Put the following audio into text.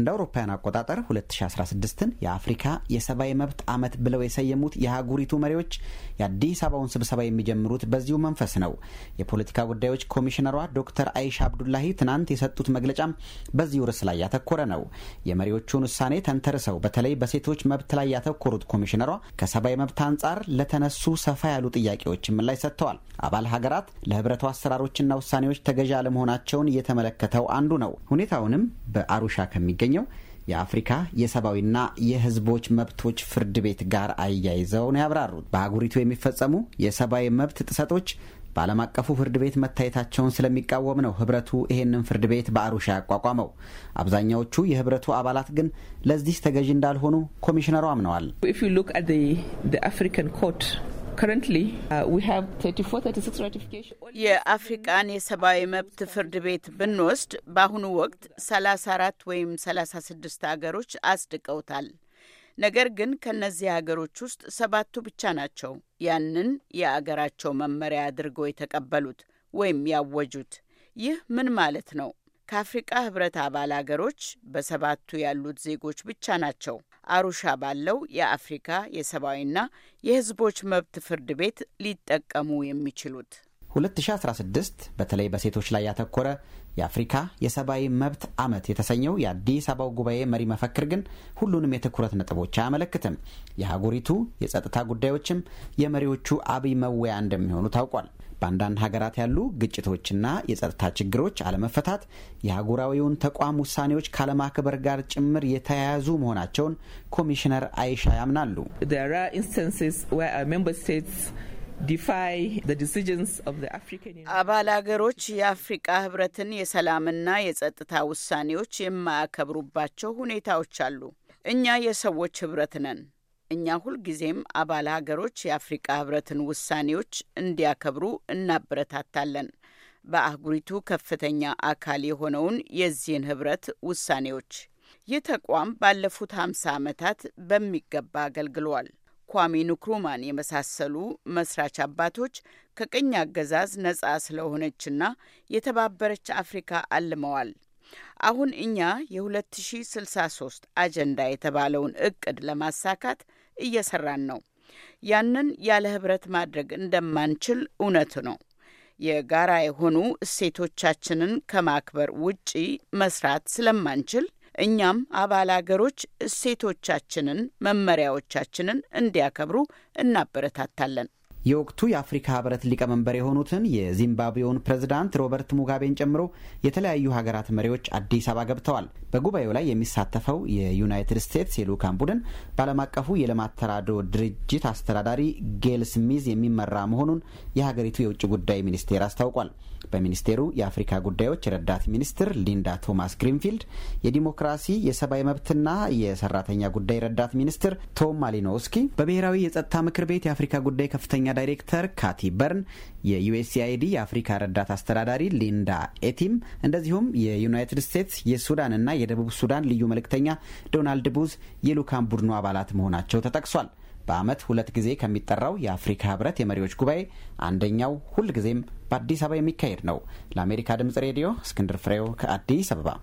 እንደ አውሮፓውያን አቆጣጠር 2016ን የአፍሪካ የሰብአዊ መብት ዓመት ብለው የሰየሙት የአህጉሪቱ መሪዎች የአዲስ አበባውን ስብሰባ የሚጀምሩት በዚሁ መንፈስ ነው። የፖለቲካ ጉዳዮች ኮሚሽነሯ ዶክተር አይሻ አብዱላሂ ትናንት የሰጡት መግለጫም በዚሁ ርዕስ ላይ ያተኮረ ነው። የመሪዎቹን ውሳኔ ተንተርሰው በተለይ በሴቶች መብት ላይ ያተኮሩት ኮሚሽነሯ ከሰብአዊ መብት አንጻር ለተነሱ ሰፋ ያሉ ጥያቄዎች ምላሽ ሰጥተዋል። አባል ሀገራት ለህብረቱ አሰራሮችና ውሳኔዎች ተገዢ አለመሆናቸውን እየተመለከተው አንዱ ነው። ሁኔታውንም በአሩሻ ከሚገኝ ከሚገኘው የአፍሪካ የሰብአዊና የሕዝቦች መብቶች ፍርድ ቤት ጋር አያይዘው ነው ያብራሩት። በአህጉሪቱ የሚፈጸሙ የሰብአዊ መብት ጥሰቶች በዓለም አቀፉ ፍርድ ቤት መታየታቸውን ስለሚቃወም ነው ህብረቱ ይህንን ፍርድ ቤት በአሩሻ ያቋቋመው። አብዛኛዎቹ የህብረቱ አባላት ግን ለዚህ ተገዢ እንዳልሆኑ ኮሚሽነሩ አምነዋል። Uh, የአፍሪቃን የሰብአዊ መብት ፍርድ ቤት ብንወስድ በአሁኑ ወቅት 34 ወይም 36 ሀገሮች አጽድቀውታል። ነገር ግን ከእነዚህ ሀገሮች ውስጥ ሰባቱ ብቻ ናቸው ያንን የአገራቸው መመሪያ አድርገው የተቀበሉት ወይም ያወጁት። ይህ ምን ማለት ነው? ከአፍሪቃ ህብረት አባል ሀገሮች በሰባቱ ያሉት ዜጎች ብቻ ናቸው አሩሻ ባለው የአፍሪካ የሰብአዊና የሕዝቦች መብት ፍርድ ቤት ሊጠቀሙ የሚችሉት 2016 በተለይ በሴቶች ላይ ያተኮረ የአፍሪካ የሰብአዊ መብት ዓመት የተሰኘው የአዲስ አበባው ጉባኤ መሪ መፈክር ግን ሁሉንም የትኩረት ነጥቦች አያመለክትም። የሀገሪቱ የጸጥታ ጉዳዮችም የመሪዎቹ አብይ መወያ እንደሚሆኑ ታውቋል። በአንዳንድ ሀገራት ያሉ ግጭቶችና የጸጥታ ችግሮች አለመፈታት የአህጉራዊውን ተቋም ውሳኔዎች ካለማክበር ጋር ጭምር የተያያዙ መሆናቸውን ኮሚሽነር አይሻ ያምናሉ። አባል አገሮች የአፍሪቃ ህብረትን የሰላምና የጸጥታ ውሳኔዎች የማያከብሩባቸው ሁኔታዎች አሉ። እኛ የሰዎች ህብረት ነን። እኛ ሁልጊዜም አባል ሀገሮች የአፍሪቃ ህብረትን ውሳኔዎች እንዲያከብሩ እናበረታታለን። በአህጉሪቱ ከፍተኛ አካል የሆነውን የዚህን ህብረት ውሳኔዎች ይህ ተቋም ባለፉት 50 ዓመታት በሚገባ አገልግሏል። ኳሜ ንክሩማን የመሳሰሉ መስራች አባቶች ከቅኝ አገዛዝ ነጻ ስለሆነችና የተባበረች አፍሪካ አልመዋል። አሁን እኛ የ2063 አጀንዳ የተባለውን እቅድ ለማሳካት እየሰራን ነው። ያንን ያለ ህብረት ማድረግ እንደማንችል እውነት ነው። የጋራ የሆኑ እሴቶቻችንን ከማክበር ውጪ መስራት ስለማንችል እኛም አባል አገሮች እሴቶቻችንን፣ መመሪያዎቻችንን እንዲያከብሩ እናበረታታለን። የወቅቱ የአፍሪካ ህብረት ሊቀመንበር የሆኑትን የዚምባብዌውን ፕሬዝዳንት ሮበርት ሙጋቤን ጨምሮ የተለያዩ ሀገራት መሪዎች አዲስ አበባ ገብተዋል። በጉባኤው ላይ የሚሳተፈው የዩናይትድ ስቴትስ የልዑካን ቡድን በዓለም አቀፉ የልማት ተራድኦ ድርጅት አስተዳዳሪ ጌል ስሚዝ የሚመራ መሆኑን የሀገሪቱ የውጭ ጉዳይ ሚኒስቴር አስታውቋል። በሚኒስቴሩ የአፍሪካ ጉዳዮች ረዳት ሚኒስትር ሊንዳ ቶማስ ግሪንፊልድ፣ የዲሞክራሲ የሰብአዊ መብትና የሰራተኛ ጉዳይ ረዳት ሚኒስትር ቶም ማሊኖውስኪ፣ በብሔራዊ የጸጥታ ምክር ቤት የአፍሪካ ጉዳይ ከፍተኛ ዳይሬክተር ካቲ በርን፣ የዩኤስኤአይዲ የአፍሪካ ረዳት አስተዳዳሪ ሊንዳ ኤቲም እንደዚሁም የዩናይትድ ስቴትስ የሱዳንና የደቡብ ሱዳን ልዩ መልእክተኛ ዶናልድ ቡዝ የልዑካን ቡድኑ አባላት መሆናቸው ተጠቅሷል። በዓመት ሁለት ጊዜ ከሚጠራው የአፍሪካ ህብረት የመሪዎች ጉባኤ አንደኛው ሁልጊዜም በአዲስ አበባ የሚካሄድ ነው። ለአሜሪካ ድምጽ ሬዲዮ እስክንድር ፍሬው ከአዲስ አበባ